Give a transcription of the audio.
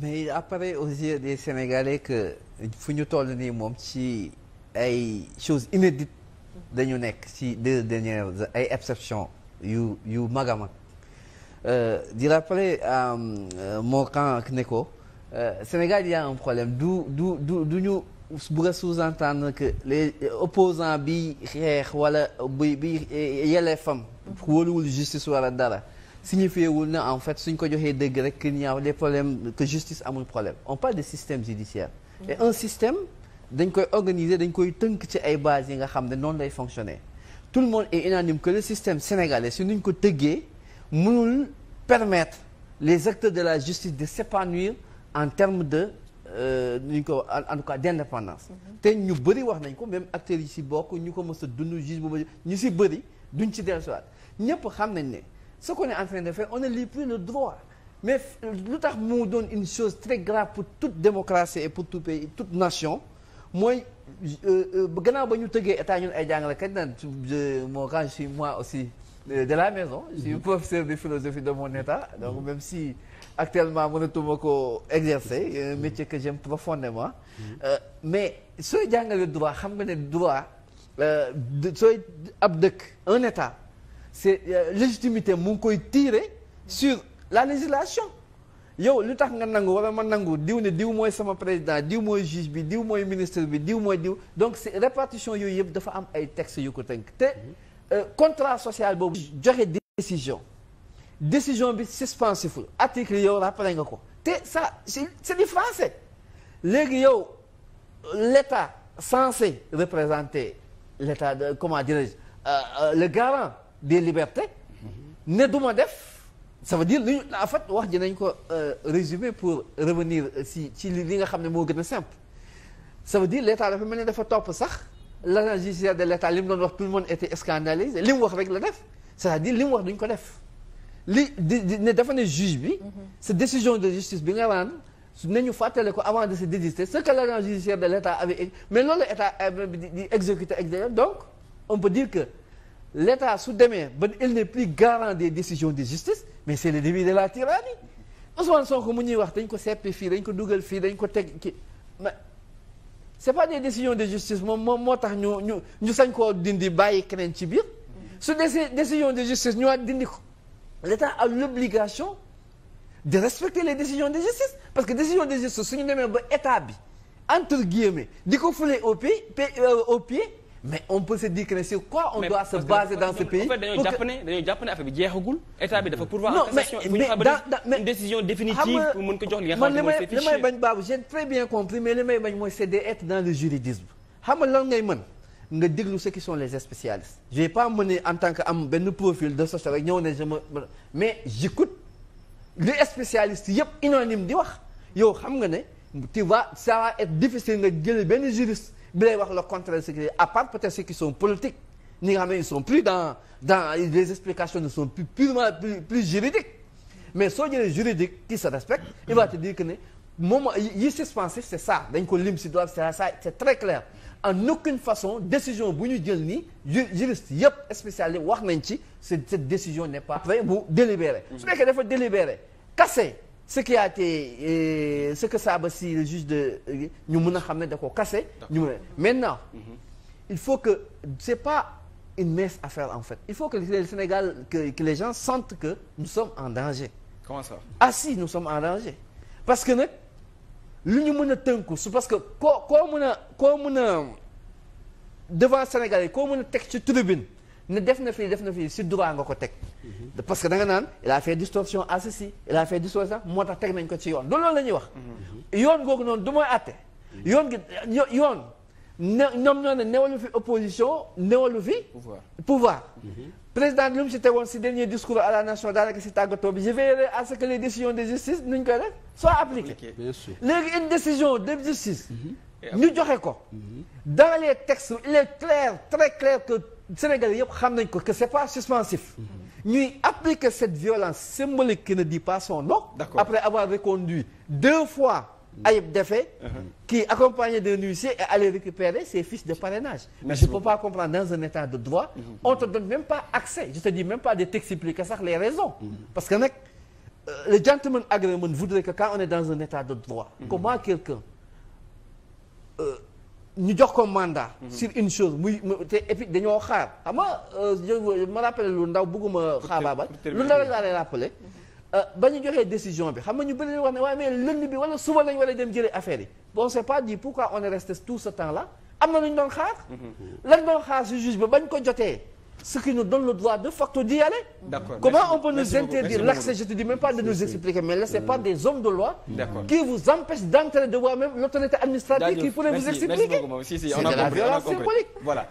mais il apparaît aux yeux des Sénégalais que fu ñu toll nii moom ci ay choses inédites dañu nekk ci deux dernières ay exceptions yu yu mag a mag euh, di rappeler moo kan ne ko Sénégal y a un problème du du du du ñu bëgg a sous-entendre que les opposants bi xeex wala bi bi yelleefam wóoluwul justice wala dara signifié wul na en fait suñ ko joxee dëgg rek qu'il y a des problèmes que justice amul problème on parle de système judiciaire et mm. un système dañ koy organiser dañ koy tënk ci ay bases yi nga xam ne noonu lay fonctionner tout le monde est unanime que le système sénégalais si nuñ ko tëggee mënul permettre les acteurs de la justice de s'épanouir en termes de euh, nuñ ko en tout cas d'indépendance mm-hmm. te ñu bëri wax nañ ko même acteurs yi si bokk ñu ko mës a dund juge boobu ñu si bëri duñ ci dellusiwaat ñëpp xam nañ ne ce qu'on est en train de faire on ne lit plus le droit mais lu tax mu doon une chose très grave pour toute démocratie et pour tout pays toute nation mooy euh, euh, gannaaw ba ñu tëggee état ñun ay jàngalekat naan moo quand je suis moi aussi euh, de la maison je suis mhm. de philosophie de mon état donc même si actuellement mënatuma ko exercer un métier que j'aime profondément mhm. mais sooy jàngale droit xam nga ne droit sooy ab dëkk un état c'est euh, légitimité mu ngi koy tiire sur la législation yow lu tax nga nangu wala ma nangu diw ne diw mooy sama président diw mooy juge bi diw mooy ministre bi diw mooy diw donc c'est répartition yooyu yëpp dafa am ay textes yu ko tënk te euh, contrat social boobu joxe décision décision bi suspensif la article yow rappelé nga ko te ça c'est du français léegi yow l'État censé représenter l'État de comment dirais-je euh, euh, le garant des libertés ne duma def ça veut dire li ñu en wax ji nañ ko euh, résumer pour revenir euh, si ci li nga xam ne moo gën a simple sa veut dire l'état dafa mel ne dafa topp sax l'agent judiciaire de l'état li mu doon wax tout le monde était scandalisé li mu wax rek la def sa à dire li mu wax duñ ko def li di ne dafa ne juge bi sa décision de justice bi nga rendre nañu fàttale ko avant de se désister ce que l'agent judiciaire de l'état avait mais loolu état euh, bi di exécuter donc on peut dire que l'État su demee ba il n'est plus garant des décision de justice mais c'est le début de la tyrannie Ousmane Sonko mu ñuy wax dañ ko seppi fii dañ ko dugal fii dañ ko teg ki ma c'est pas des décisions de justice moom moom moo tax ñu ñu ñu sañ koo dindi bàyyi keneen ci biir su dee décision de justice ñu waat dindi ko l'État a l'obligation de respecter les décisions de justice parce que décision de justice suñu demee ba état bi entre guillemets di ko fule euh, au pied au pied mais on peut se dire que sur quoi on mais doit se baser dans ce pays. pour que dañoo jàpp ne dañoo jàpp ne affaire bi jeexagul. état bi dafa pourvoir en cassation bu ñu xamante une décision définitive pour mën ko jox li nga xamante mooy ces fichiers man li may bañ baabu j'ai très bien compris mais li may bañ mooy c'est d'être dans le juridisme xam nga lan ngay mën nga déglu ceux qui sont les spécialistes. je vais pas mener en tant que am benn profil de social yëpp unanime di wax yow xam nga ne tu vas ça va être difficile nga jël benn juriste. bi lay wax le contraire de ce qui à part peut-être ceux qui sont politiques nga xam ne ils sont plus dans dans les explications ne sont plus purement plus juridiques mais soo jëlee juridique qui se respecte il va te dire que ne moom yi suspensif c'est ça dañ ko lim si droit c'est ça c'est très clair en aucune façon décision bu ñu jël nii juriste yëpp spécialisé wax nañ ci cette décision n'est pas. après bu délibéré. su nekkee dafa délibéré casser. ce qui a été euh, ce que Sabassi le juge de euh, ñu mën a xam ne da ko kase ñu mën a maintenant mhm. il faut que c'est pas une mince affaire en fait il faut que le Sénégal que, que les gens sentent que nous sommes en danger comment ça ah nous sommes en danger parce que nag lu ñu mën a tënku parce que koo koo mën a koo mën a devant Sénégalais koo mën a teg ci tribune ne def na fii def na fii si droit nga ko teg. Mhm. parce que da nga naan il a fait distorsion à ceci il a fait distorsion moo tax teg nañ ko ci yoon du loolu la wax. Mhm. yoon googu noonu du mooy àtte. Mhm. yoon gi yoon ne ñoom ñoo ne newalu fi opposition newalu fi. pouvoir pouvoir. président lu mu si tegoon si dernier discours à la nation daanaka si tàggatoo bi je veillerai à ce que les décisions de justice nuñ koy def soient appliquées. bien sûr décision de justice. ñu joxe ko. dans les textes il est clair très Sénégalais yëpp xam nañ ko que c'est pas suspensif. Mhm. ñuy appliquer cette violence symbolique qui ne dit pas son nom. D'accord. après avoir reconduit deux fois mhm. Ayib Defé. Mhm. qui accompagné d'un huissier est allé récupérer ses fiches de parrainage. mais je ne peux pas comprendre dans un état de droit. on te donne même pas accès je te même pas de t'expliquer sax les raisons. parce que nag euh, le gentleman agreement voudrait que quand on est dans un état de droit. comment quelqu'un. Euh, ñu jox ko mandat. sur une chose muy te et puis dañoo xaar xam nga euh, ma rappelé lu ndaw bëgguma xaabaabal lu ndaw rek laa lay rappelé. Euh, ba ñu joxee décision bi xam nga ñu bëri nañu wax ne waaye mais lënd bi wala suba lañ war dem jëlee affaire yi bon c'est pas dit pourquoi on est resté tout ce temps là am na lu ñu doon xaar. Mm-hmm. lan doon xaar si juge bi bañ ko jotee. ce qui nous donne le droit de facto d'y Comment on peut nous interdire l'accès, je te dis même pas de nous expliquer, mais là, c'est euh, pas des hommes de loi qui vous empêchent d'entrer de voir même l'autorité administrative qui pourrait vous expliquer. C'est de la violence symbolique.